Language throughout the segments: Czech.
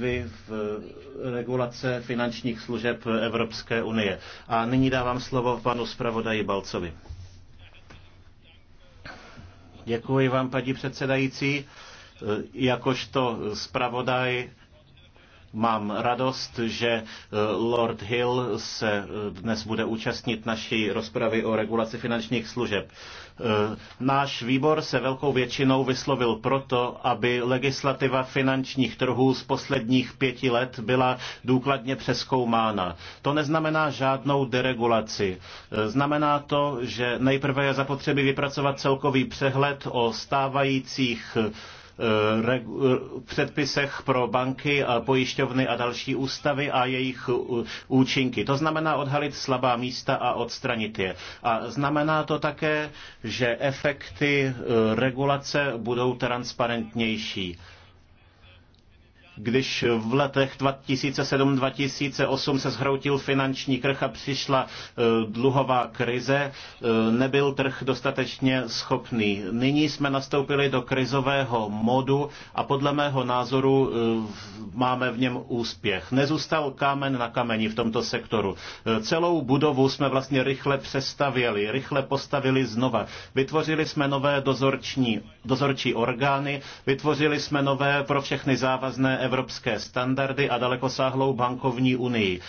výzvy v eh, regulace finančních služeb Evropské unie. A nyní dávám slovo panu zpravodaji Balcovi. Děkuji vám, paní předsedající. Eh, jakožto zpravodaj Mám radost, že eh, Lord Hill se eh, dnes bude účastnit naší rozpravy o regulaci finančních služeb. Eh, náš výbor se velkou většinou vyslovil proto, aby legislativa finančních trhů z posledních pěti let byla důkladně přeskoumána. To neznamená žádnou deregulaci. Znamená to, že nejprve je zapotřebí vypracovat celkový přehled o stávajících Eh, eh, předpisech pro banky, pojišťovny a další ústavy a jejich účinky. To znamená odhalit slabá místa a odstranit je. A znamená to také, že efekty eh, regulace budou transparentnější. Když v letech 2007-2008 se zhroutil finanční trh a přišla e, dluhová krize, e, nebyl trh dostatečně schopný. Nyní jsme nastoupili do krizového modu a podle mého názoru e, máme v něm úspěch. Nezůstal kámen na kameni v tomto sektoru. Celou budovu jsme vlastně rychle přestavěli, rychle postavili znova. Vytvořili jsme nové dozorční, dozorčí orgány, vytvořili jsme nové pro všechny závazné evropské standardy a dalekosáhlou bankovní unii. E,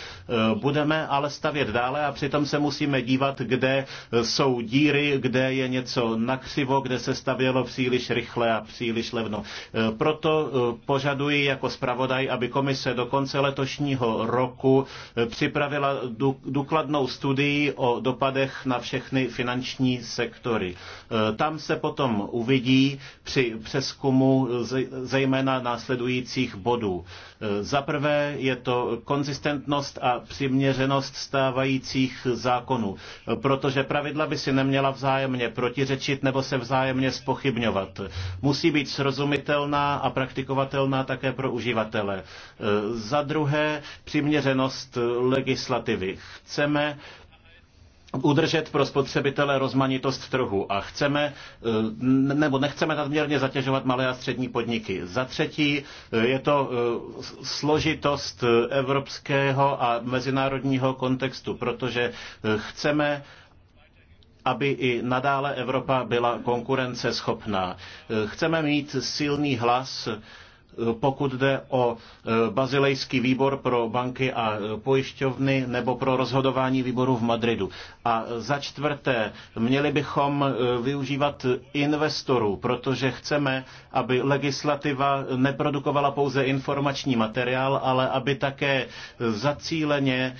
budeme ale stavět dále a přitom se musíme dívat, kde jsou díry, kde je něco nakřivo, kde se stavělo příliš rychle a příliš levno. E, proto e, požaduji jako zpravodaj, aby komise do konce letošního roku připravila důkladnou studii o dopadech na všechny finanční sektory. Tam se potom uvidí při přeskumu zejména následujících bodů. E, za prvé je to konzistentnost a přiměřenost stávajících zákonů, protože pravidla by si neměla vzájemně protiřečit nebo se vzájemně spochybňovat. Musí být srozumitelná a praktikovatelná také pro uživatele. E, za druhé přiměřenost legislativy. Chceme udržet pro spotřebitele rozmanitost trhu a chceme eh, nebo nechceme nadměrně zatěžovat malé a střední podniky. Za třetí eh, je to eh, složitost evropského a mezinárodního kontextu, protože chceme aby i nadále Evropa byla konkurenceschopná. Chceme mít silný hlas pokud jde o e, bazilejský výbor pro banky a e, pojišťovny nebo pro rozhodování výboru v Madridu. A za čtvrté, měli bychom e, využívat investorů, protože chceme, aby legislativa neprodukovala pouze informační materiál, ale aby také zacíleně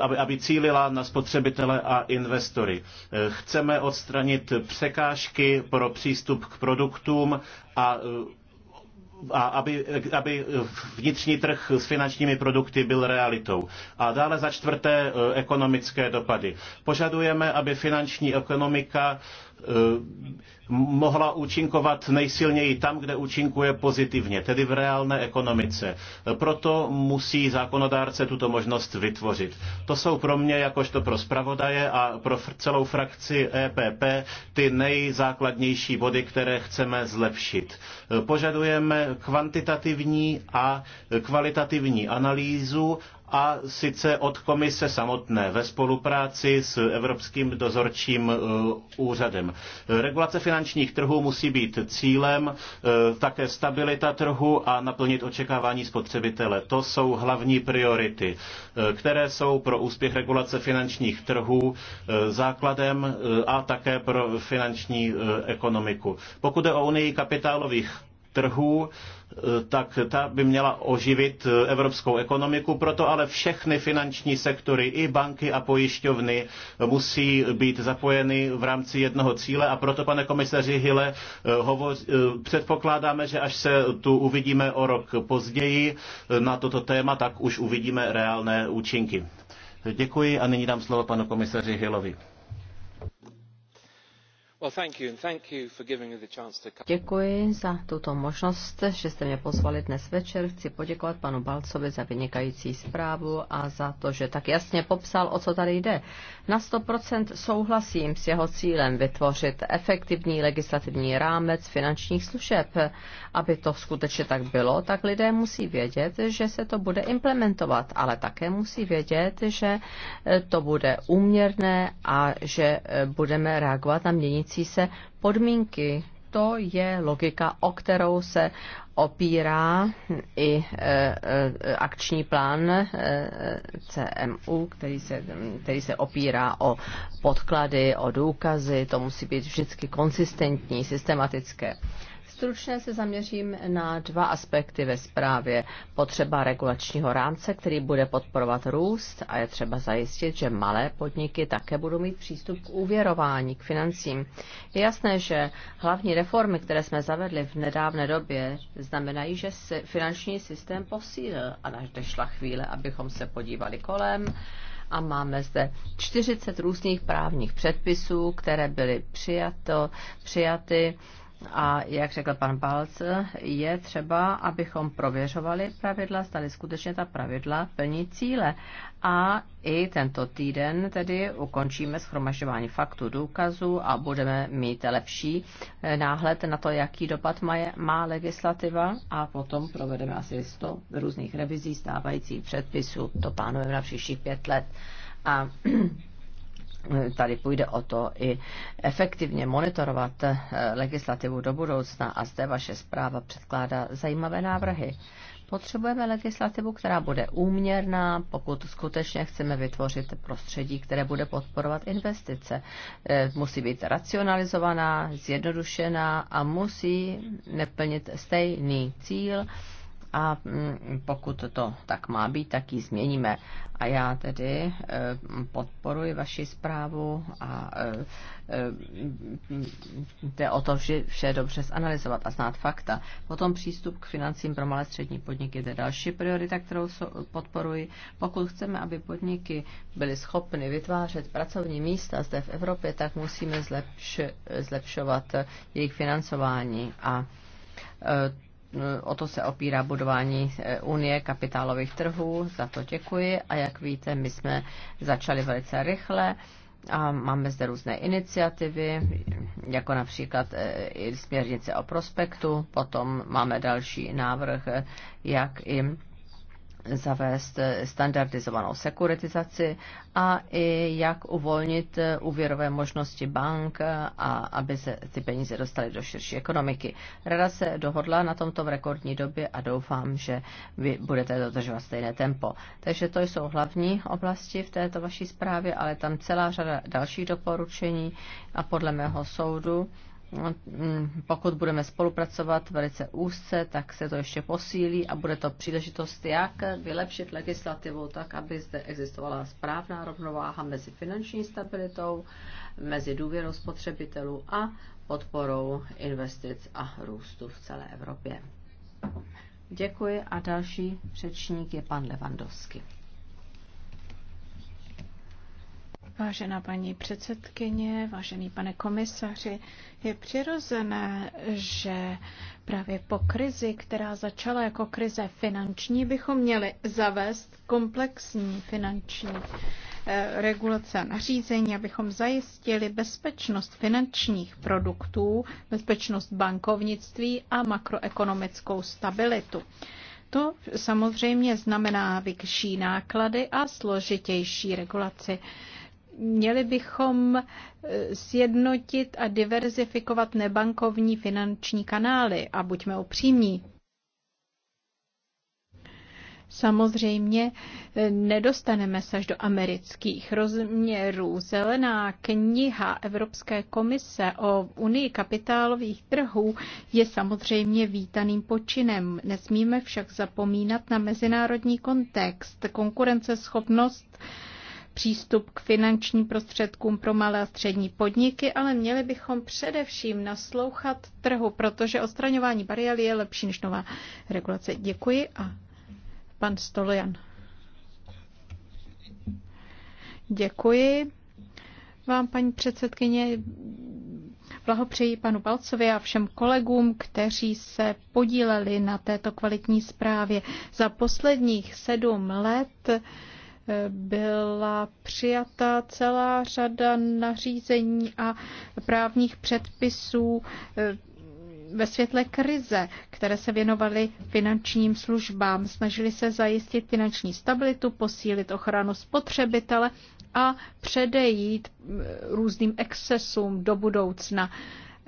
aby, aby cílila na spotřebitele a investory. Chceme odstranit překážky pro přístup k produktům a a aby, aby vnitřní trh s finančními produkty byl realitou. A dále za čtvrté eh, ekonomické dopady. Požadujeme, aby finanční ekonomika Eh, mohla účinkovat nejsilněji tam, kde účinkuje pozitivně, tedy v reálné ekonomice. Proto musí zákonodárce tuto možnost vytvořit. To jsou pro mě, jakožto pro zpravodaje a pro celou frakci EPP, ty nejzákladnější body, které chceme zlepšit. Eh, požadujeme kvantitativní a kvalitativní analýzu a sice od komise samotné ve spolupráci s Evropským dozorčím e, úřadem. Regulace finančních trhů musí být cílem, e, také stabilita trhu a naplnit očekávání spotřebitele. To jsou hlavní priority, e, které jsou pro úspěch regulace finančních trhů základem a také pro finanční ekonomiku. Pokud je o unii kapitálových trhů, eh, tak ta by měla oživit eh, evropskou ekonomiku, proto ale všechny finanční sektory, i banky a pojišťovny musí být zapojeny v rámci jednoho cíle a proto, pane komisaři Hille, eh, hovoř, předpokládáme, že až se tu uvidíme o rok později na toto téma, tak už uvidíme reálné účinky. Děkuji a nyní dám slovo panu komisaři Hillovi. Děkuji za tuto možnost, že jste mě pozvali dnes večer. Chci poděkovat panu Balcovi za vynikající zprávu a za to, že tak jasně popsal, o co tady jde. Na 100% souhlasím s jeho cílem vytvořit efektivní legislativní rámec finančních služeb. Aby to skutečně tak bylo, tak lidé musí vědět, že se to bude implementovat, ale také musí vědět, že to bude úměrné a že eh, budeme reagovat na měnící měnící se podmínky. To je logika, o kterou se opírá i e, e, akční plán e, CMU, který se, který se opírá o podklady, o důkazy. To musí být vždycky konsistentní, systematické. Stručně se zaměřím na dva aspekty ve zprávě. Potřeba regulačního rámce, který bude podporovat růst a je třeba zajistit, že malé podniky také budou mít přístup k úvěrování, k financím. Je jasné, že hlavní reformy, které jsme zavedli v nedávné době, znamenají, že se finanční systém posílil a nadešla chvíle, abychom se podívali kolem a máme zde 40 různých právních předpisů, které byly přijato, přijaty a jak řekl pan Balc, je třeba, abychom prověřovali pravidla, stali skutečně ta pravidla plní cíle. A i tento týden tedy ukončíme schromažďování faktů důkazů a budeme mít lepší eh, náhled na to, jaký dopad má, má legislativa a potom provedeme asi 100 různých revizí stávajících předpisů. To plánujeme na příštích pět let. A tady půjde o to i efektivně monitorovat eh, legislativu do budoucna a zde vaše zpráva předkládá zajímavé návrhy. Potřebujeme legislativu, která bude úměrná, pokud skutečně chceme vytvořit prostředí, které bude podporovat investice. Eh, musí být racionalizovaná, zjednodušená a musí neplnit stejný cíl, a mm, pokud to tak má být, tak ji změníme. A já tedy e, podporuji vaši zprávu a e, e, jde o to vše, vše dobře zanalizovat a znát fakta. Potom přístup k financím pro malé střední podniky je další priorita, kterou podporuji. Pokud chceme, aby podniky byly schopny vytvářet pracovní místa zde v Evropě, tak musíme zlepš, zlepšovat jejich financování a o to se opírá budování eh, Unie kapitálových trhů, za to děkuji a jak víte, my jsme začali velice rychle a máme zde různé iniciativy, jako například eh, i směrnice o prospektu, potom máme další návrh, eh, jak i zavést eh, standardizovanou sekuritizaci a i jak uvolnit eh, úvěrové možnosti bank, eh, a aby se ty peníze dostaly do širší ekonomiky. Rada se dohodla na tomto v rekordní době a doufám, že vy budete dodržovat stejné tempo. Takže to jsou hlavní oblasti v této vaší zprávě, ale tam celá řada dalších doporučení a podle mého soudu Mm, pokud budeme spolupracovat velice úzce, tak se to ještě posílí a bude to příležitost, jak vylepšit legislativu tak, aby zde existovala správná rovnováha mezi finanční stabilitou, mezi důvěrou spotřebitelů a podporou investic a růstu v celé Evropě. Děkuji a další řečník je pan Levandovský. Vážená paní předsedkyně, vážený pane komisaři, je přirozené, že právě po krizi, která začala jako krize finanční, bychom měli zavést komplexní finanční eh, regulace a nařízení, abychom zajistili bezpečnost finančních produktů, bezpečnost bankovnictví a makroekonomickou stabilitu. To samozřejmě znamená vyšší náklady a složitější regulaci. Měli bychom eh, sjednotit a diverzifikovat nebankovní finanční kanály a buďme upřímní. Samozřejmě eh, nedostaneme se až do amerických rozměrů. Zelená kniha Evropské komise o unii kapitálových trhů je samozřejmě vítaným počinem. Nesmíme však zapomínat na mezinárodní kontext, konkurenceschopnost přístup k finančním prostředkům pro malé a střední podniky, ale měli bychom především naslouchat trhu, protože odstraňování bariér je lepší než nová regulace. Děkuji a pan Stolojan. Děkuji vám, paní předsedkyně. Blahopřeji panu Balcovi a všem kolegům, kteří se podíleli na této kvalitní zprávě. Za posledních sedm let byla přijata celá řada nařízení a právních předpisů eh, ve světle krize, které se věnovaly finančním službám, snažili se zajistit finanční stabilitu, posílit ochranu spotřebitele a předejít eh, různým excesům do budoucna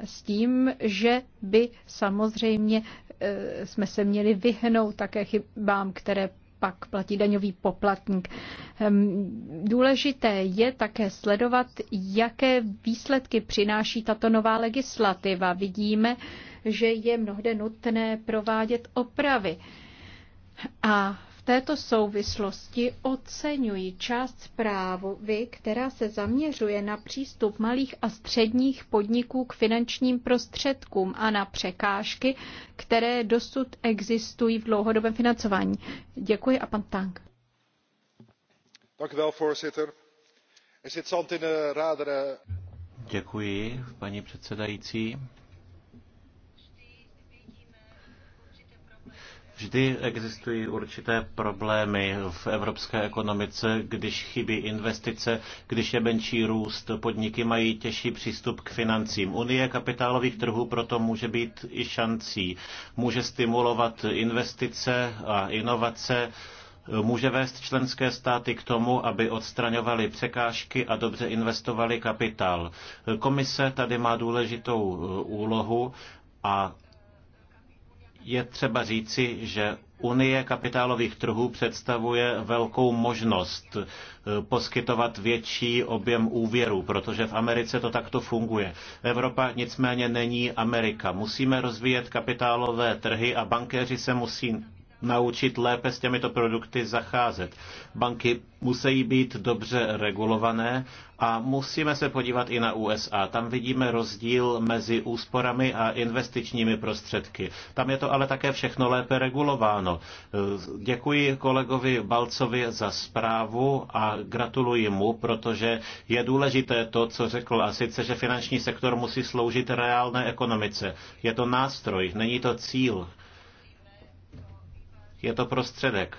s tím, že by samozřejmě eh, jsme se měli vyhnout také chybám, které pak platí daňový poplatník. Ehm, důležité je také sledovat, jaké výsledky přináší tato nová legislativa. Vidíme, že je mnohde nutné provádět opravy. A této souvislosti oceňuji část zprávy, která se zaměřuje na přístup malých a středních podniků k finančním prostředkům a na překážky, které dosud existují v dlouhodobém financování. Děkuji a pan Tank. Er Děkuji, paní předsedající. Vždy existují určité problémy v evropské ekonomice, když chybí investice, když je menší růst, podniky mají těžší přístup k financím. Unie kapitálových trhů proto může být i šancí. Může stimulovat investice a inovace, může vést členské státy k tomu, aby odstraňovali překážky a dobře investovali kapitál. Komise tady má důležitou úlohu a je třeba říci, že Unie kapitálových trhů představuje velkou možnost eh, poskytovat větší objem úvěrů, protože v Americe to takto funguje. Evropa nicméně není Amerika. Musíme rozvíjet kapitálové trhy a bankéři se musí naučit lépe s těmito produkty zacházet. Banky musí být dobře regulované a musíme se podívat i na USA. Tam vidíme rozdíl mezi úsporami a investičními prostředky. Tam je to ale také všechno lépe regulováno. Děkuji kolegovi Balcovi za zprávu a gratuluji mu, protože je důležité to, co řekl, a sice, že finanční sektor musí sloužit reálné ekonomice. Je to nástroj, není to cíl je to prostředek.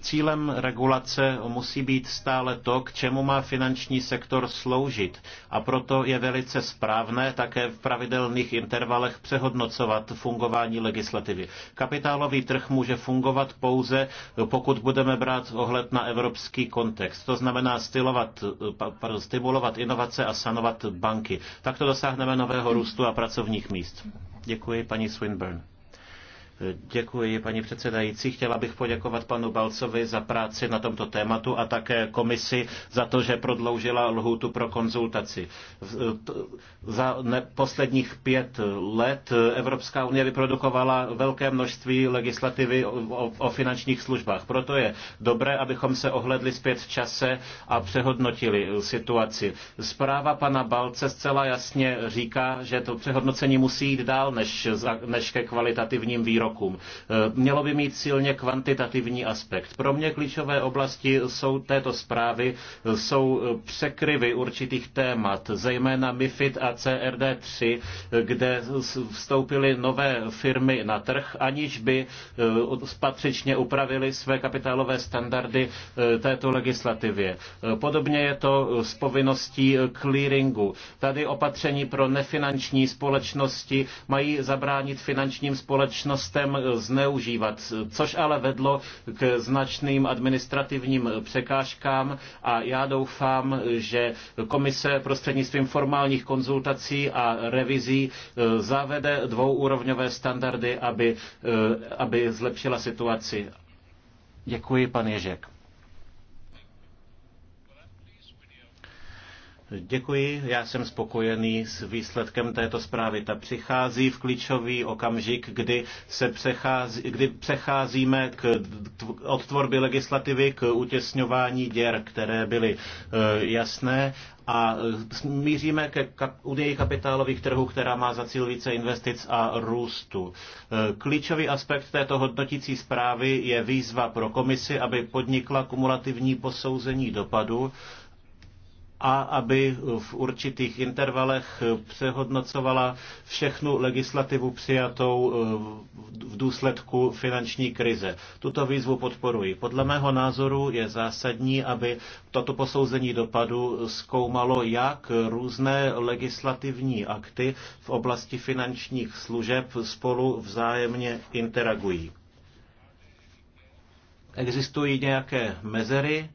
Cílem regulace musí být stále to, k čemu má finanční sektor sloužit a proto je velice správné také v pravidelných intervalech přehodnocovat fungování legislativy. Kapitálový trh může fungovat pouze, pokud budeme brát ohled na evropský kontext. To znamená stylovat, stimulovat inovace a sanovat banky. Takto dosáhneme nového růstu a pracovních míst. Děkuji paní Swinburne. Děkuji, paní předsedající. Chtěla bych poděkovat panu Balcovi za práci na tomto tématu a také komisi za to, že prodloužila lhůtu pro konzultaci. Za posledních pět let Evropská unie vyprodukovala velké množství legislativy o finančních službách. Proto je dobré, abychom se ohledli zpět v čase a přehodnotili situaci. Zpráva pana Balce zcela jasně říká, že to přehodnocení musí jít dál než, než ke kvalitativním výrokům krokům. Eh, mělo by mít silně kvantitativní aspekt. Pro mě klíčové oblasti jsou této zprávy eh, jsou eh, překryvy určitých témat, zejména MIFID a CRD3, kde vstoupily nové firmy na trh, aniž by patřičně upravili své kapitálové standardy této legislativě. Podobně je to s povinností clearingu. Tady opatření pro nefinanční společnosti mají zabránit finančním společnostem systém zneužívat, což ale vedlo k značným administrativním překážkám a já doufám, že komise prostřednictvím formálních konzultací a revizí eh, zavede dvouúrovňové standardy, aby, eh, aby zlepšila situaci. Děkuji, pan Ježek. Děkuji, já jsem spokojený s výsledkem této zprávy. Ta přichází v klíčový okamžik, kdy, se přechází, kdy přecházíme k, od tvorby legislativy k utěsňování děr, které byly eh, jasné a eh, míříme ke unii kapitálových trhů, která má za cíl více investic a růstu. Eh, klíčový aspekt této hodnotící zprávy je výzva pro komisi, aby podnikla kumulativní posouzení dopadu a aby v určitých intervalech přehodnocovala všechnu legislativu přijatou eh, v důsledku finanční krize. Tuto výzvu podporuji. Podle mého názoru je zásadní, aby toto posouzení dopadu zkoumalo, jak různé legislativní akty v oblasti finančních služeb spolu vzájemně interagují. Existují nějaké mezery,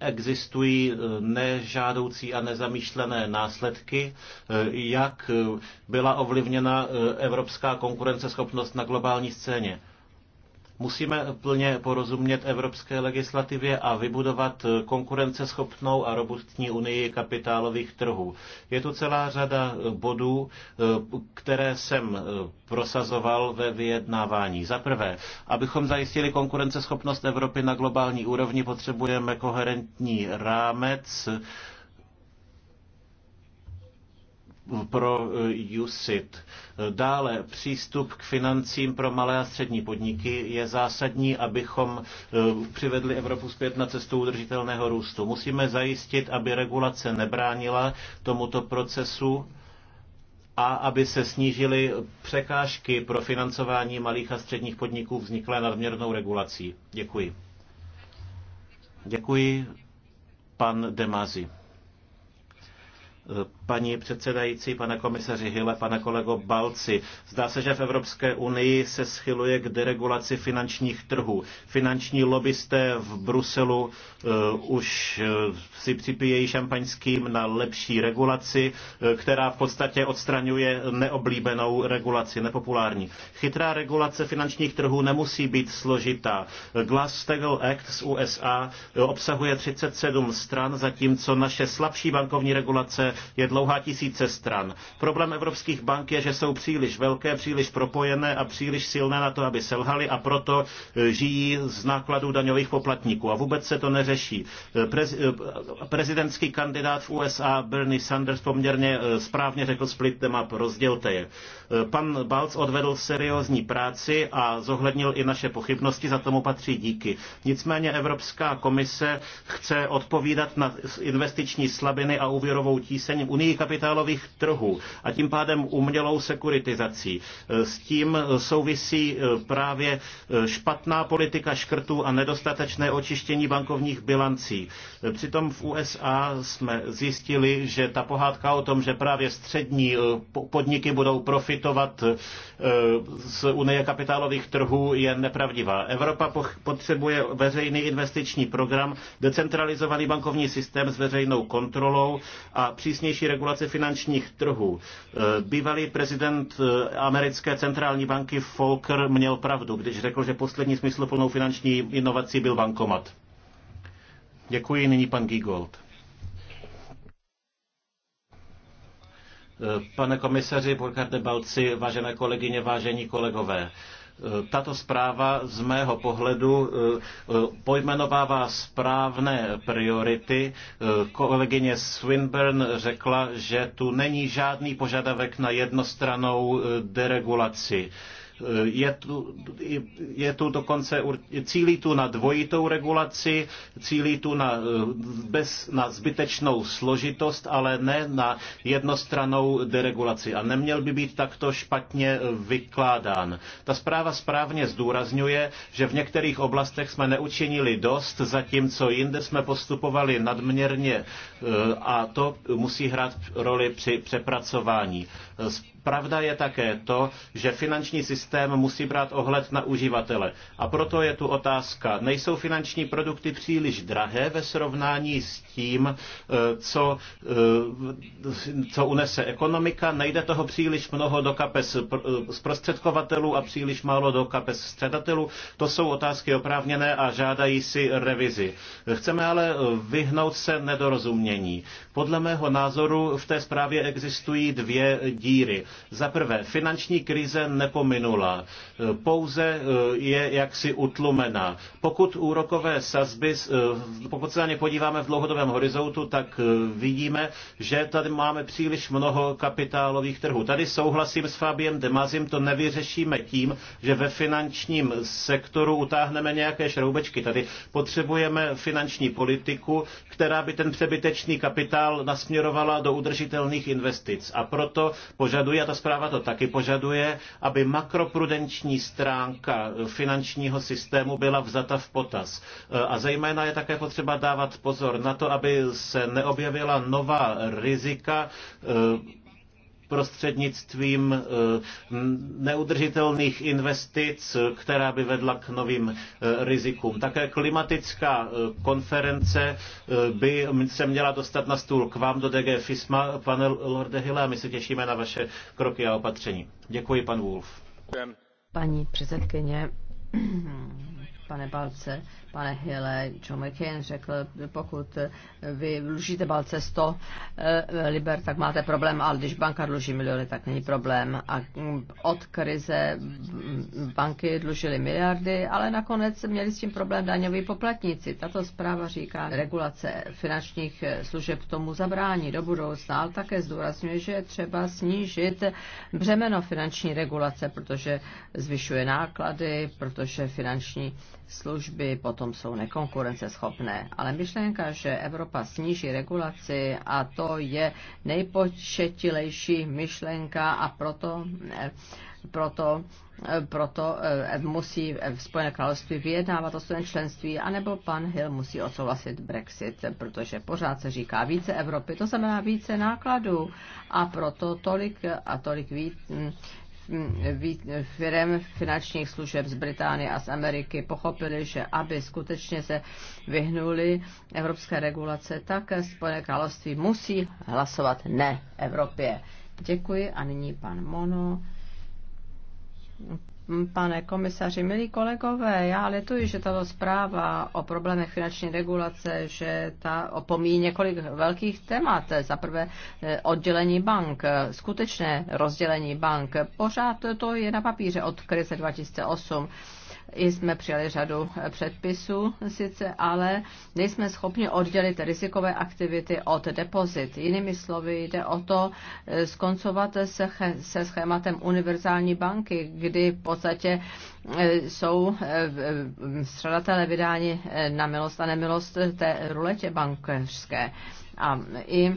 existují eh, nežádoucí a nezamýšlené následky, eh, jak eh, byla ovlivněna evropská konkurenceschopnost na globální scéně. Musíme plně porozumět evropské legislativě a vybudovat konkurenceschopnou a robustní unii kapitálových trhů. Je tu celá řada eh, bodů, eh, které jsem eh, prosazoval ve vyjednávání. Za prvé, abychom zajistili konkurenceschopnost Evropy na globální úrovni, potřebujeme koherentní rámec, pro eh, USIT. Dále přístup k financím pro malé a střední podniky je zásadní, abychom eh, přivedli Evropu zpět na cestu udržitelného růstu. Musíme zajistit, aby regulace nebránila tomuto procesu a aby se snížily překážky pro financování malých a středních podniků vzniklé nadměrnou regulací. Děkuji. Děkuji, pan Demazi paní předsedající, pane komisaři Hille, pane kolego Balci. Zdá se, že v Evropské unii se schyluje k deregulaci finančních trhů. Finanční lobbysté v Bruselu uh, už uh, si připíjejí šampaňským na lepší regulaci, uh, která v podstatě odstraňuje neoblíbenou regulaci, nepopulární. Chytrá regulace finančních trhů nemusí být složitá. Glass-Steagall Act z USA obsahuje 37 stran, zatímco naše slabší bankovní regulace je dlouhá tisíce stran. Problém evropských bank je, že jsou příliš velké, příliš propojené a příliš silné na to, aby selhaly a proto e, žijí z nákladů daňových poplatníků. A vůbec se to neřeší. E, prez, e, prezidentský kandidát v USA Bernie Sanders poměrně správně řekl split them up, rozdělte je. Pan Balc odvedl seriózní práci a zohlednil i naše pochybnosti, za tomu patří díky. Nicméně Evropská komise chce odpovídat na investiční slabiny a úvěrovou tíseň Unii unii kapitálových trhů a tím pádem umělou sekuritizací. E, s tím souvisí e, právě e, špatná politika škrtů a nedostatečné očištění bankovních bilancí. Přitom v USA jsme zjistili, že ta pohádka o tom, že právě střední podniky budou profitovat z unie kapitálových trhů, je nepravdivá. Evropa potřebuje veřejný investiční program, decentralizovaný bankovní systém s veřejnou kontrolou a přísnější Regulace finančních trhů. E, bývalý prezident e, americké centrální banky Volker měl pravdu, když řekl, že poslední smysluplnou finanční inovací byl bankomat. Děkuji, nyní pan Giegold. E, pane komisaři Burkhard Balci, vážené kolegyně, vážení kolegové, tato zpráva z mého pohledu e, e, pojmenovává správné priority. E, kolegyně Swinburne řekla, že tu není žádný požadavek na jednostranou deregulaci. Je tu, je tu dokonce, cílí tu na dvojitou regulaci, cílí tu na, eh, bez, na zbytečnou složitost, ale ne na jednostranou deregulaci. A neměl by být takto špatně eh, vykládán. Ta zpráva správně zdůrazňuje, že v některých oblastech jsme neučinili dost, zatímco jinde jsme postupovali nadměrně eh, a to musí hrát roli při přepracování. Pravda je také to, že finanční systém musí brát ohled na uživatele. A proto je tu otázka, nejsou finanční produkty příliš drahé ve srovnání s tím, eh, co, eh, co unese ekonomika. Nejde toho příliš mnoho do kapes eh, zprostředkovatelů a příliš málo do kapes středatelů. To jsou otázky oprávněné a žádají si revizi. Chceme ale vyhnout se nedorozumění. Podle mého názoru v té zprávě existují dvě díry. Za prvé, finanční krize nepominula. Pouze je jaksi utlumená. Pokud úrokové sazby, pokud se na ně podíváme v dlouhodobém časovém horizontu, tak eh, vidíme, že tady máme příliš mnoho kapitálových trhů. Tady souhlasím s Fabiem Demazim, to nevyřešíme tím, že ve finančním sektoru utáhneme nějaké šroubečky. Tady potřebujeme finanční politiku, která by ten přebytečný kapitál nasměrovala do udržitelných investic. A proto požaduje, a ta zpráva to taky požaduje, aby makroprudenční stránka finančního systému byla vzata v potaz. Eh, a zejména je také potřeba dávat pozor na to, aby se neobjevila nová rizika eh, prostřednictvím eh, neudržitelných investic, která by vedla k novým eh, rizikům. Také klimatická konference by se měla dostat na stůl k vám do DG FISMA, pane Lorde Hille, a my se těšíme na vaše kroky a opatření. Děkuji, pan Wolf. Paní předsedkyně, pane Balce, pane Hille, John McCain řekl, pokud vy dlužíte balce 100 eh, liber, tak máte problém, ale když banka dluží miliony, tak není problém. A mm, od krize banky dlužily miliardy, ale nakonec měli s tím problém daňoví poplatníci. Tato zpráva říká, regulace finančních služeb tomu zabrání do budoucna, ale také zdůrazňuje, že je třeba snížit břemeno finanční regulace, protože zvyšuje náklady, protože finanční služby potom tom jsou nekonkurenceschopné. Ale myšlenka, že Evropa sníží regulaci a to je nejpočetilejší myšlenka a proto, eh, proto eh, proto eh, musí v Spojené království vyjednávat o svém členství, anebo pan Hill musí odsouhlasit Brexit, protože pořád se říká více Evropy, to znamená více nákladů a proto tolik a tolik víc hm, firm finančních služeb z Británie a z Ameriky pochopili, že aby skutečně se vyhnuli evropské regulace, tak Spojené království musí hlasovat ne Evropě. Děkuji a nyní pan Mono. Pane komisaři, milí kolegové, já letuji, že tato zpráva o problémech finanční regulace, že ta opomíjí několik velkých témat. Za prvé eh, oddělení bank, skutečné rozdělení bank. Pořád to je na papíře od krize 2008 i jsme přijali řadu eh, předpisů sice, ale nejsme schopni oddělit rizikové aktivity od depozit. Jinými slovy jde o to eh, skoncovat se, se schématem univerzální banky, kdy v podstatě eh, jsou střadatelé vydáni na milost a nemilost té ruletě bankéřské. A i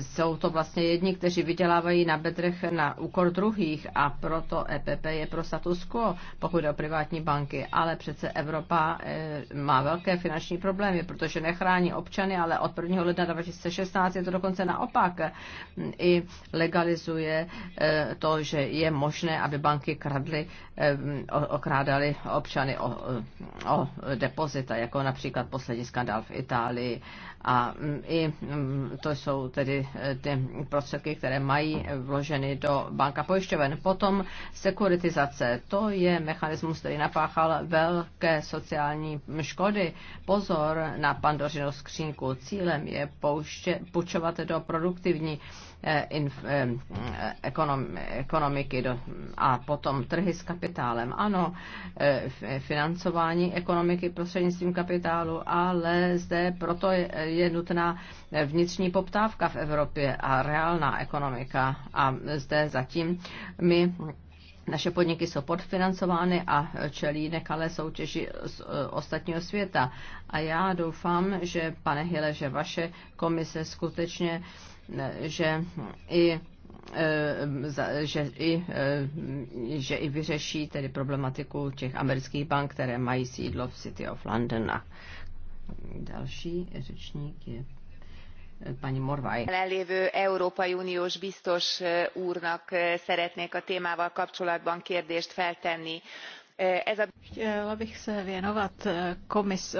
jsou to vlastně jedni, kteří vydělávají na bedrech na úkor druhých a proto EPP je pro status quo, pokud jde o privátní banky. Ale přece Evropa eh, má velké finanční problémy, protože nechrání občany, ale od 1. ledna 2016 je to dokonce naopak. I legalizuje eh, to, že je možné, aby banky kradly, eh, okrádaly občany o, o depozita, jako například poslední skandál v Itálii. A mm, i mm, to jsou tedy eh, ty prostředky, které mají vloženy do banka pojišťoven. Potom sekuritizace, to je mechanismus, který napáchal velké sociální škody. Pozor na pandořinu skřínku. Cílem je pouště, půjčovat do produktivní Eh, eh, ekonomiky a potom trhy s kapitálem. Ano, eh, financování ekonomiky prostřednictvím kapitálu, ale zde proto je nutná vnitřní poptávka v Evropě a reálná ekonomika. A zde zatím my naše podniky jsou podfinancovány a čelí nekalé soutěži z ostatního světa. A já doufám, že, pane Hile, že vaše komise skutečně že i e, že i, e, že i vyřeší tedy problematiku těch amerických bank, které mají sídlo v City of London. A další řečník je e, paní Morvaj. Jelenlévő Európai Uniós biztos úrnak szeretnék a témával kapcsolatban kérdést feltenni. Chtěla bych se věnovat komis,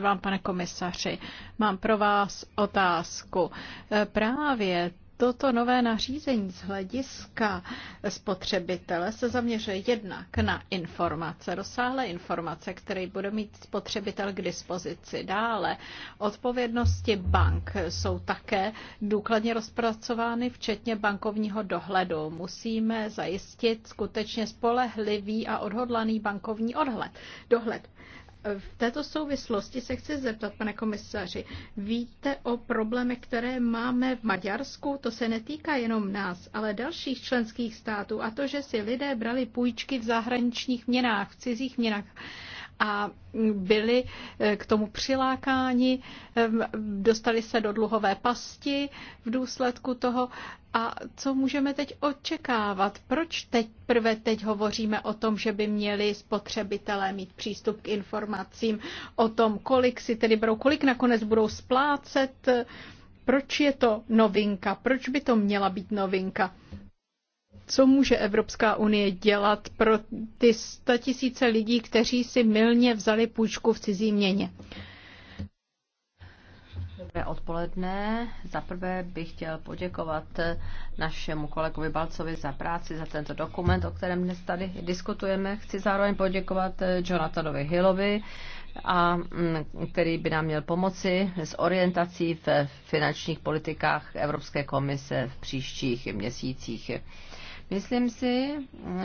vám, pane komisaři. Mám pro vás otázku. E, právě toto nové nařízení z hlediska spotřebitele se zaměřuje jednak na informace, rozsáhlé informace, které bude mít spotřebitel k dispozici. Dále odpovědnosti bank jsou také důkladně rozpracovány, včetně bankovního dohledu. Musíme zajistit skutečně spolehlivý a odhodlaný bankovní odhled, dohled. V této souvislosti se chci zeptat, pane komisaři, víte o problémech, které máme v Maďarsku? To se netýká jenom nás, ale dalších členských států a to, že si lidé brali půjčky v zahraničních měnách, v cizích měnách a byli eh, k tomu přilákáni, eh, dostali se do dluhové pasti v důsledku toho. A co můžeme teď očekávat? Proč teď prve teď hovoříme o tom, že by měli spotřebitelé mít přístup k informacím o tom, kolik si tedy budou, kolik nakonec budou splácet? Proč je to novinka? Proč by to měla být novinka? co může Evropská unie dělat pro ty tisíce lidí, kteří si milně vzali půjčku v cizí měně? Dobré odpoledne. Za prvé bych chtěl poděkovat našemu kolegovi Balcovi za práci, za tento dokument, o kterém dnes tady diskutujeme. Chci zároveň poděkovat Jonathanovi Hillovi, a mm, který by nám měl pomoci s orientací v finančních politikách Evropské komise v příštích měsících. Myslím si,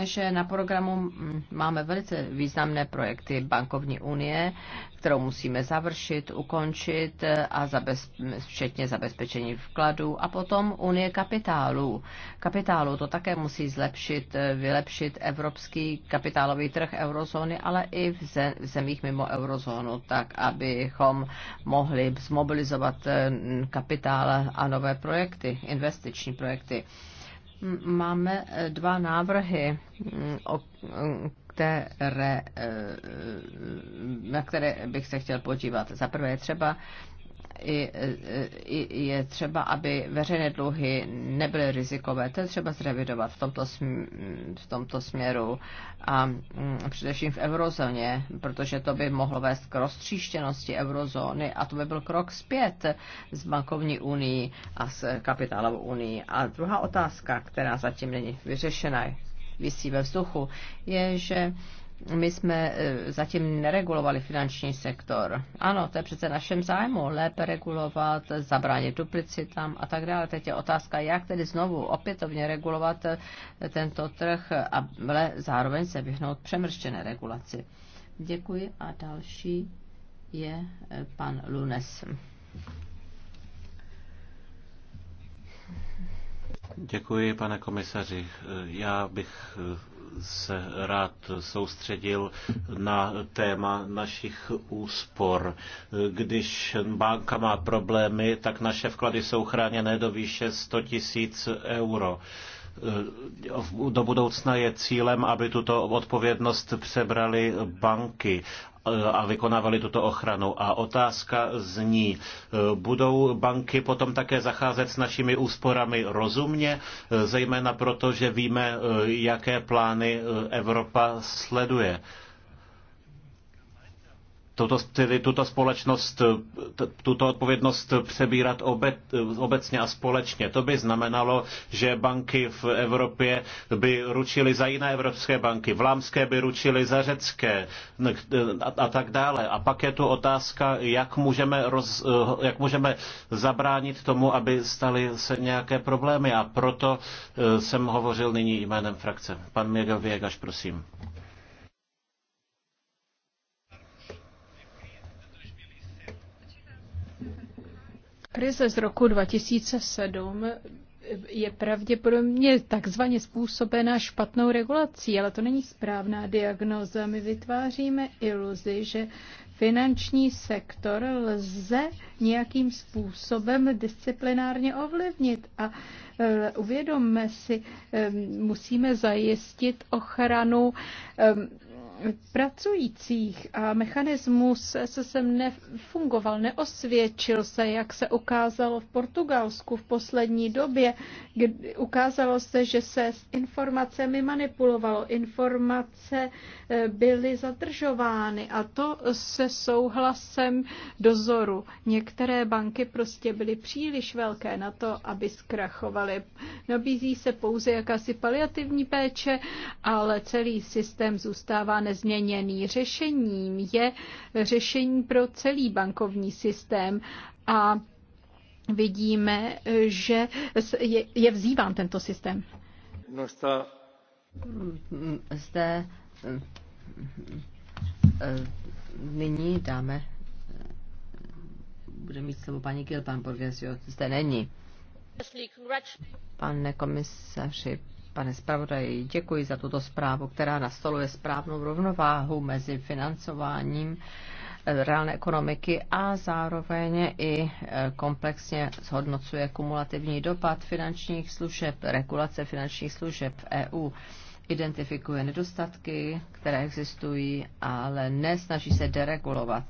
že na programu máme velice významné projekty bankovní unie, kterou musíme završit, ukončit a zabez, včetně zabezpečení vkladů a potom unie kapitálu. Kapitálu to také musí zlepšit, vylepšit evropský kapitálový trh eurozóny, ale i v, zemích mimo eurozónu, tak abychom mohli zmobilizovat eh, kapitál a nové projekty, investiční projekty máme eh, dva návrhy, mm, o mm, které, eh, na které bych se chtěl podívat. Za prvé třeba i, i, je třeba, aby veřejné dluhy nebyly rizikové. To je třeba zrevidovat v tomto, sm, v tomto směru a m, mm, především v eurozóně, protože to by mohlo vést k roztříštěnosti eurozóny a to by byl krok zpět z bankovní unii a s kapitálovou unii. A druhá otázka, která zatím není vyřešena, vysí ve vzduchu, je, že my jsme e, zatím neregulovali finanční sektor. Ano, to je přece našem zájmu, lépe regulovat, zabránit duplicitám a tak dále. Teď je otázka, jak tedy znovu opětovně regulovat e, tento trh, a zároveň se vyhnout přemrštěné regulaci. Děkuji a další je e, pan Lunes. Děkuji, pane komisaři. Já bych se rád soustředil na téma našich úspor. Když banka má problémy, tak naše vklady jsou chráněné do výše 100 tisíc euro do budoucna je cílem, aby tuto odpovědnost přebrali banky a vykonávali tuto ochranu. A otázka zní, budou banky potom také zacházet s našimi úsporami rozumně, zejména proto, že víme, jaké plány Evropa sleduje tuto, tedy tuto společnost, tuto odpovědnost přebírat obec, obecně a společně. To by znamenalo, že banky v Evropě by ručily za jiné evropské banky, vlámské by ručily za řecké a, a tak dále. A pak je tu otázka, jak můžeme, roz, jak můžeme zabránit tomu, aby staly se nějaké problémy. A proto eh, jsem hovořil nyní jménem frakce. Pan Miguel Viegas, prosím. Krize z roku 2007 je pravděpodobně takzvaně způsobená špatnou regulací, ale to není správná diagnoza. My vytváříme iluzi, že finanční sektor lze nějakým způsobem disciplinárně ovlivnit. A e, uvědomme si, e, musíme zajistit ochranu e, pracujících a mechanismus se sem nefungoval, neosvědčil se, jak se ukázalo v Portugalsku v poslední době. Kdy ukázalo se, že se s informacemi manipulovalo, informace eh, byly zadržovány a to se souhlasem dozoru. Některé banky prostě byly příliš velké na to, aby zkrachovaly. Nabízí se pouze jakási paliativní péče, ale celý systém zůstává nezměněný. Řešením je řešení pro celý bankovní systém a vidíme, že je vzýván tento systém. Zde eh, nyní dáme eh, bude mít slovo paní Gil, pan Borgesio, zde není. Pane komisaři, Pane zpravodaji, děkuji za tuto zprávu, která nastoluje správnou rovnováhu mezi financováním eh, reálné ekonomiky a zároveň i eh, komplexně zhodnocuje kumulativní dopad finančních služeb, regulace finančních služeb v EU identifikuje nedostatky, které existují, ale nesnaží se deregulovat.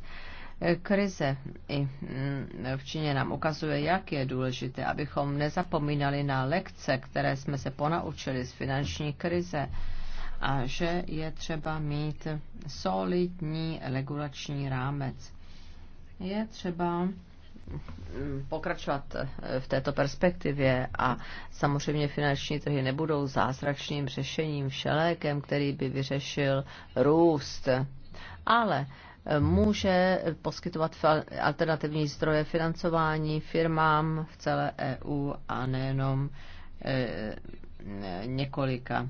Krize i mm, v Číně nám ukazuje, jak je důležité, abychom nezapomínali na lekce, které jsme se ponaučili z finanční krize a že je třeba mít solidní regulační rámec. Je třeba mm, pokračovat v této perspektivě a samozřejmě finanční trhy nebudou zázračným řešením všelékem, který by vyřešil růst. Ale může poskytovat alternativní zdroje financování firmám v celé EU a nejenom e, e, několika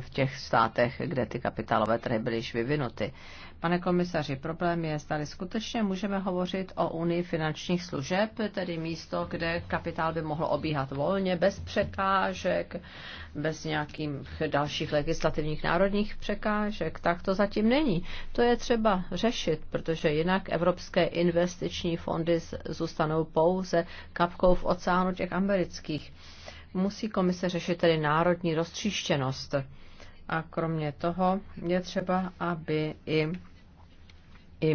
v těch státech, kde ty kapitálové trhy byly již vyvinuty. Pane komisaři, problém je, zda skutečně můžeme hovořit o unii finančních služeb, tedy místo, kde kapitál by mohl obíhat volně, bez překážek, bez nějakých dalších legislativních národních překážek. Tak to zatím není. To je třeba řešit, protože jinak evropské investiční fondy zůstanou pouze kapkou v oceánu těch amerických Musí komise řešit tedy národní roztříštěnost. A kromě toho je třeba, aby i i,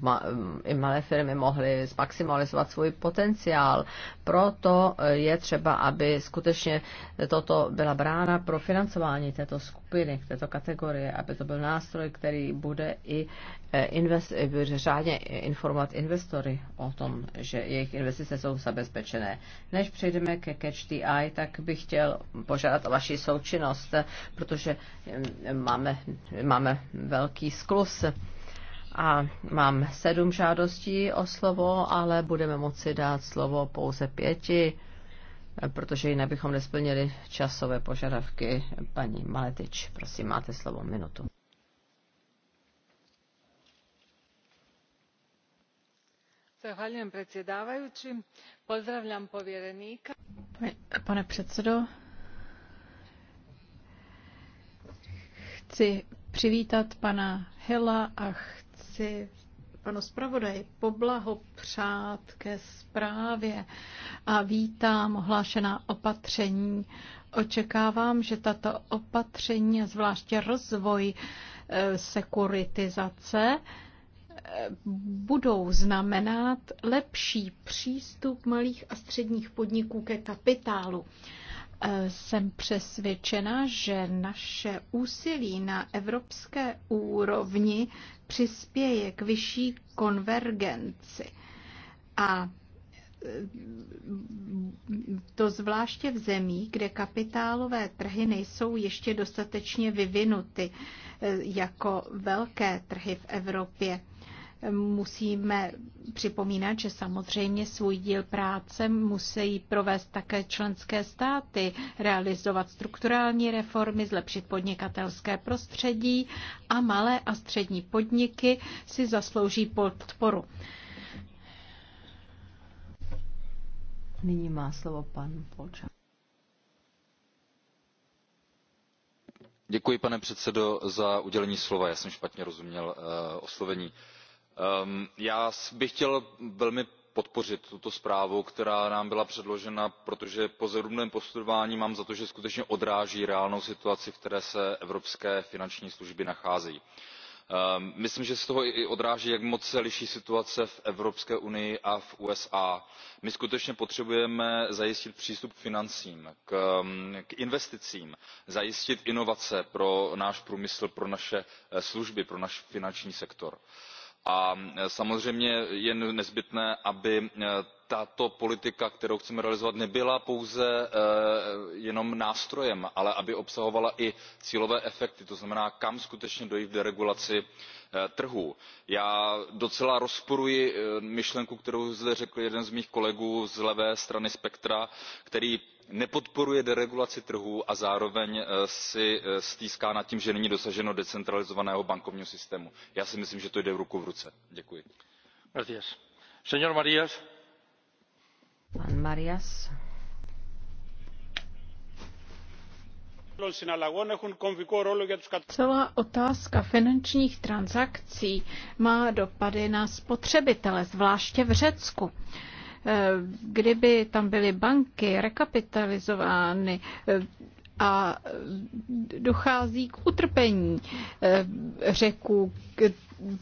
ma, i malé firmy mohly zmaximalizovat svůj potenciál. Proto je třeba, aby skutečně toto byla brána pro financování této skupiny, této kategorie, aby to byl nástroj, který bude i e, invest, e, řádně informovat investory o tom, že jejich investice jsou zabezpečené. Než přejdeme ke Catch the Eye, tak bych chtěl požádat o vaši součinnost, protože e, máme, máme velký sklus a mám sedm žádostí o slovo, ale budeme moci dát slovo pouze pěti, protože jinak bychom nesplnili časové požadavky. Paní Maletič, prosím, máte slovo minutu. Zahvaljujem predsjedavajući. Pozdravljam povjerenika. Pane předsedo, chci přivítat pana Hela a chci chci panu zpravodaji poblahopřát ke zprávě a vítám ohlášená opatření. Očekávám, že tato opatření, zvláště rozvoj e, sekuritizace, e, budou znamenat lepší přístup malých a středních podniků ke kapitálu. Jsem přesvědčena, že naše úsilí na evropské úrovni přispěje k vyšší konvergenci. A e, to zvláště v zemích, kde kapitálové trhy nejsou ještě dostatečně vyvinuty e, jako velké trhy v Evropě musíme připomínat, že samozřejmě svůj díl práce musí provést také členské státy, realizovat strukturální reformy, zlepšit podnikatelské prostředí a malé a střední podniky si zaslouží podporu. Nyní má slovo pan Polčák. Děkuji, pane předsedo, za udělení slova. Já jsem špatně rozuměl uh, oslovení. Uh, Ehm, já bych chtěl velmi podpořit tuto zprávu která nám byla předložena protože po zevrubném prostudování mám za to že skutečně odráží reálnou situaci ve které se evropské finanční služby nacházejí. Ehm, myslím že z toho i odráží jak moc se liší situace v evropské unii a v usa. my skutečně potřebujeme zajistit přístup k financím ehm, k investicím zajistit inovace pro náš průmysl pro naše eh, služby pro náš finanční sektor a e, samozřejmě je nezbytné aby e, tato politika kterou chceme realizovat nebyla pouze e, jenom nástrojem ale aby obsahovala i cílové efekty to znamená kam skutečně dojít v deregulaci trhu. já docela rozporuji myšlenku kterou zde řekl jeden z mých kolegů z levé strany spektra který nepodporuje deregulaci trhu a zároveň eh, si eh, stýská nad tím že není dosaženo decentralizovaného bankovního systému. já si myslím že to jde ruku v ruce. celá otázka finančních transakcí má dopady na spotřebitele zvláště v řecku. Eh, kdyby tam byly banky rekapitalizovány, eh, a e, dochází k utrpení e, řeků,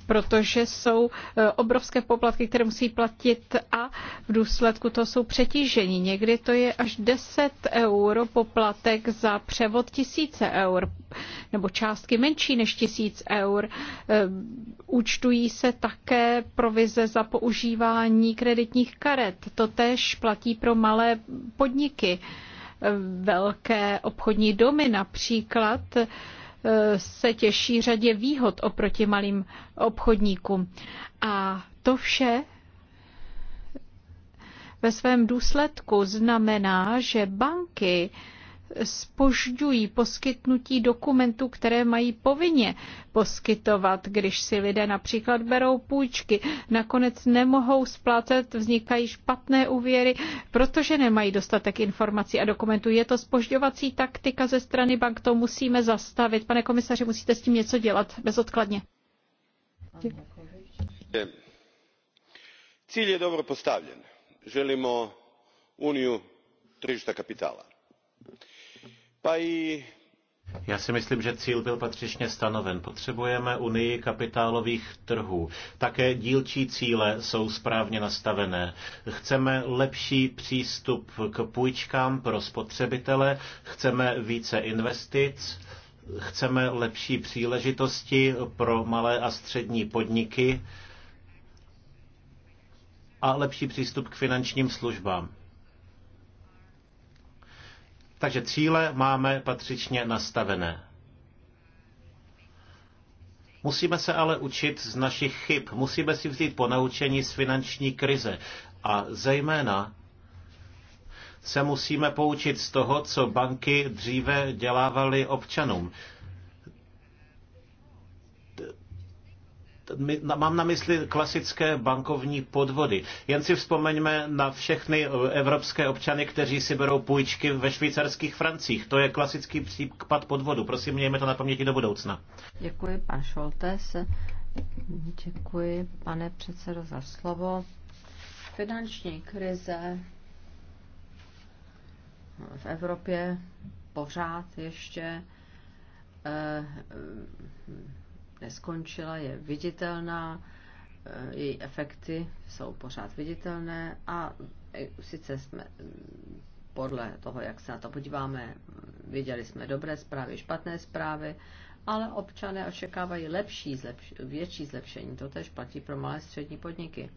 protože jsou e, obrovské poplatky, které musí platit a v důsledku toho jsou přetížení. Někdy to je až 10 euro poplatek za převod tisíce eur nebo částky menší než tisíc eur. Účtují se také provize za používání kreditních karet. To tež platí pro malé podniky velké obchodní domy například eh, se těší řadě výhod oproti malým obchodníkům. A to vše ve svém důsledku znamená, že banky spožďují poskytnutí dokumentů, které mají povinně poskytovat, když si lidé například berou půjčky, nakonec nemohou splácet, vznikají špatné úvěry, protože nemají dostatek informací a dokumentů. Je to spožďovací taktika ze strany bank, to musíme zastavit. Pane komisaři, musíte s tím něco dělat bezodkladně. Cíl je dobro postavljen. Želimo uniju tržišta kapitala já si myslím, že cíl byl patřičně stanoven. Potřebujeme unii kapitálových trhů. Také dílčí cíle jsou správně nastavené. Chceme lepší přístup k půjčkám pro spotřebitele, chceme více investic, chceme lepší příležitosti pro malé a střední podniky a lepší přístup k finančním službám. Takže cíle máme patřičně nastavené. Musíme se ale učit z našich chyb, musíme si vzít po naučení z finanční krize a zejména se musíme poučit z toho, co banky dříve dělávaly občanům. mám na mysli klasické bankovní podvody. Jen si vzpomeňme na všechny eh, evropské občany, kteří si berou půjčky ve švýcarských francích. To je klasický případ podvodu. Prosím, mějme to na paměti do budoucna. Děkuji, pan Šoltes. Děkuji, pane předsedo, za slovo. Finanční krize v Evropě pořád ještě eh, neskončila, je viditelná, eh, její efekty jsou pořád viditelné a eh, sice jsme mm, podle toho, jak se na to podíváme, mm, viděli jsme dobré zprávy, špatné zprávy, ale občané očekávají lepší, zlepš- větší zlepšení. To tež platí pro malé střední podniky.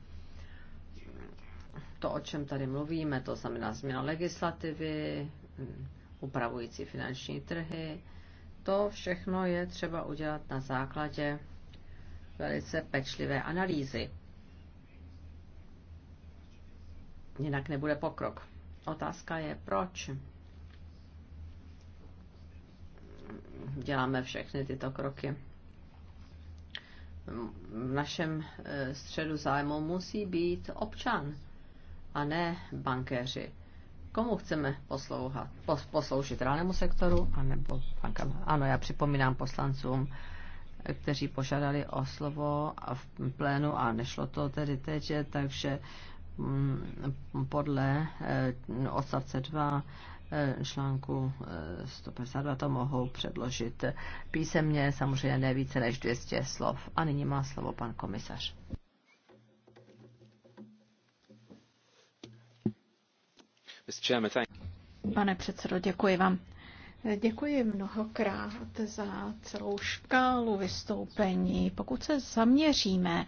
To, o čem tady mluvíme, to znamená změna legislativy, mm, upravující finanční trhy, to všechno je třeba udělat na základě velice pečlivé analýzy. Jinak nebude pokrok. Otázka je, proč děláme všechny tyto kroky. V našem eh, středu zájmu musí být občan a ne bankéři. Komu chceme pos, Posloužit reálnému sektoru? A nebo bankám? Ano, já připomínám poslancům, kteří požádali o slovo a v plénu a nešlo to tedy teď, takže mm, podle eh, odstavce 2 eh, článku 152 eh, to mohou předložit písemně, samozřejmě ne více než 200 slov. A nyní má slovo pan komisař. Pane předsedo, děkuji vám. Děkuji mnohokrát za celou škálu vystoupení. Pokud se zaměříme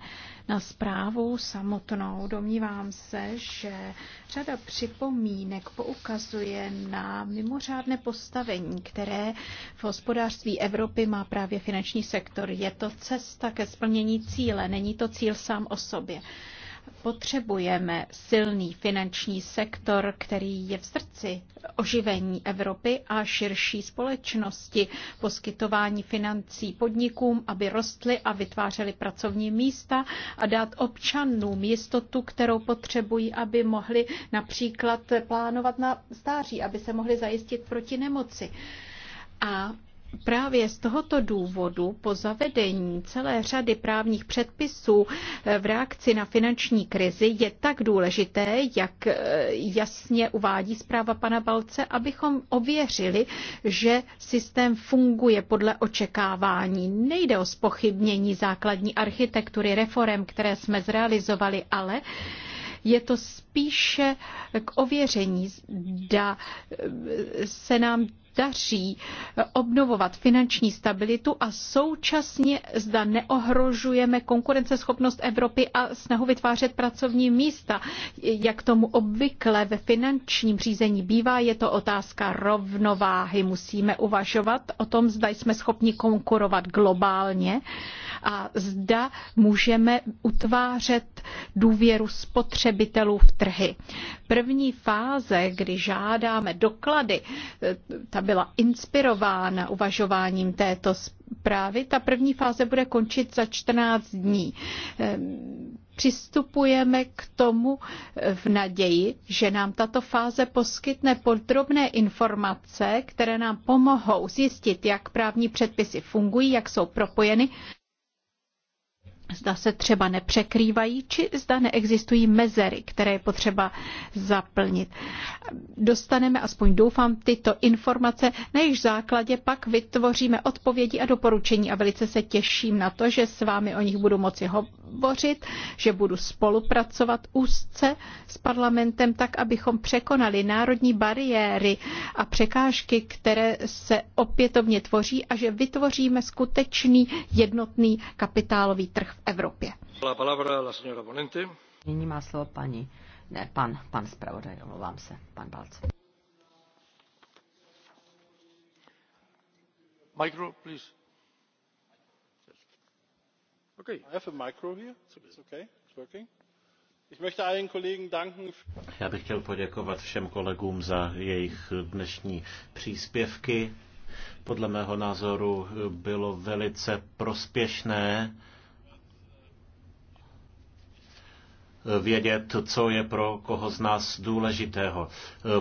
na zprávu samotnou, domnívám se, že řada připomínek poukazuje na mimořádné postavení, které v hospodářství Evropy má právě finanční sektor. Je to cesta ke splnění cíle, není to cíl sám o sobě. Potřebujeme silný finanční sektor, který je v srdci oživení Evropy a širší společnosti, poskytování financí podnikům, aby rostly a vytvářely pracovní místa a dát občanům jistotu, kterou potřebují, aby mohli například plánovat na stáří, aby se mohli zajistit proti nemoci. A Právě z tohoto důvodu po zavedení celé řady právních předpisů eh, v reakci na finanční krizi je tak důležité, jak eh, jasně uvádí zpráva pana Balce, abychom ověřili, že systém funguje podle očekávání. Nejde o spochybnění základní architektury reform, které jsme zrealizovali, ale je to spíše k ověření, zda eh, se nám daří eh, obnovovat finanční stabilitu a současně zda neohrožujeme konkurenceschopnost Evropy a snahu vytvářet pracovní místa. Jak tomu obvykle ve finančním řízení bývá, je to otázka rovnováhy. Musíme uvažovat o tom, zda jsme schopni konkurovat globálně a zda můžeme utvářet důvěru spotřebitelů v trhy. První fáze, kdy žádáme doklady, ta byla inspirována uvažováním této zprávy. Ta první fáze bude končit za 14 dní ehm, přistupujeme k tomu v naději, že nám tato fáze poskytne podrobné informace, které nám pomohou zjistit, jak právní předpisy fungují, jak jsou propojeny zda se třeba nepřekrývají, či zda neexistují mezery, které je potřeba zaplnit. Dostaneme, aspoň doufám, tyto informace, na jejich základě pak vytvoříme odpovědi a doporučení a velice se těším na to, že s vámi o nich budu moci hovořit, že budu spolupracovat úzce s parlamentem tak, abychom překonali národní bariéry a překážky, které se opětovně tvoří a že vytvoříme skutečný jednotný kapitálový trh Evropě. Nyní má slovo paní, ne, pan, pan zpravodaj, omlouvám se, pan Balc. Micro, please. Okay. I have a micro here. It's okay. It's working. Já bych chtěl poděkovat všem kolegům za jejich dnešní příspěvky. Podle mého názoru bylo velice prospěšné vědět, co je pro koho z nás důležitého.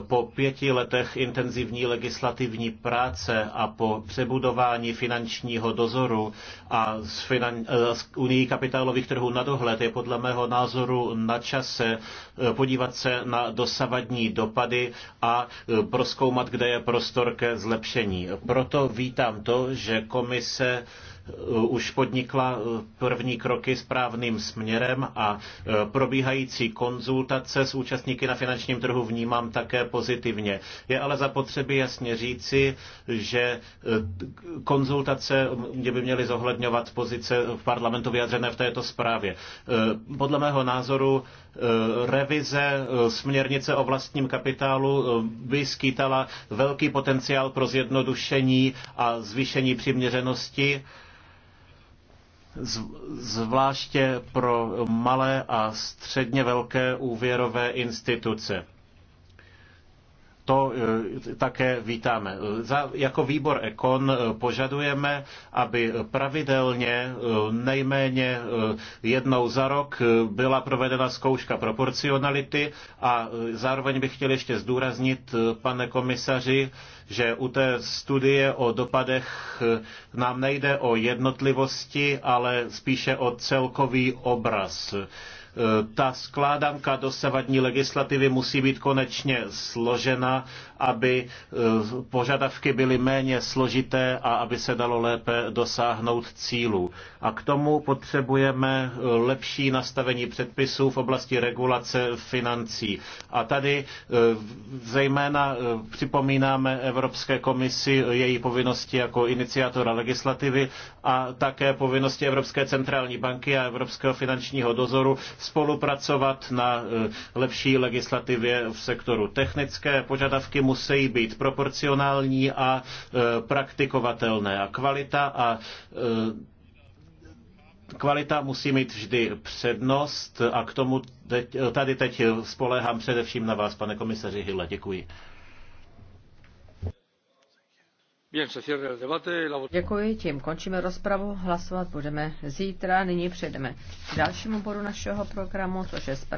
Po pěti letech intenzivní legislativní práce a po přebudování finančního dozoru a z, finan... Eh, z unii kapitálových trhů na dohled je podle mého názoru na čase eh, podívat se na dosavadní dopady a eh, proskoumat, kde je prostor ke zlepšení. Proto vítám to, že komise Eh, už podnikla eh, první kroky správným směrem a eh, probíhající konzultace s účastníky na finančním trhu vnímám také pozitivně. Je ale zapotřebí jasně říci, že konzultace by měly zohledňovat pozice v parlamentu vyjadřené v této zprávě. Podle mého názoru revize směrnice o vlastním kapitálu by skýtala velký potenciál pro zjednodušení a zvýšení přiměřenosti zvláště pro malé a středně velké úvěrové instituce to eh, také vítáme. jako výbor Ekon eh, požadujeme, aby pravidelně eh, nejméně jednou za rok byla provedena zkouška proporcionality a zároveň bych chtěl ještě zdůraznit, pane komisaři, že u té studie o dopadech nám nejde o jednotlivosti, ale spíše o celkový obraz. Eh, ta skládanka dosavadní legislativy musí být konečně složena aby eh, požadavky byly méně složité a aby se dalo lépe dosáhnout cílů. A k tomu potřebujeme eh, lepší nastavení předpisů v oblasti regulace financí. A tady eh, zejména připomínáme Evropské komisi její povinnosti jako iniciátora legislativy a také povinnosti Evropské centrální banky a Evropského finančního dozoru spolupracovat na lepší legislativě v sektoru. Technické požadavky musí být proporcionální a e, praktikovatelné. A kvalita a e, kvalita musí mít vždy přednost a k tomu teď, tady teď spolehám především na vás, pane komisaři Hille. Děkuji. Děkuji, tím končíme rozpravu. Hlasovat budeme zítra. Nyní přejdeme k dalšímu bodu našeho programu, což je zpráva.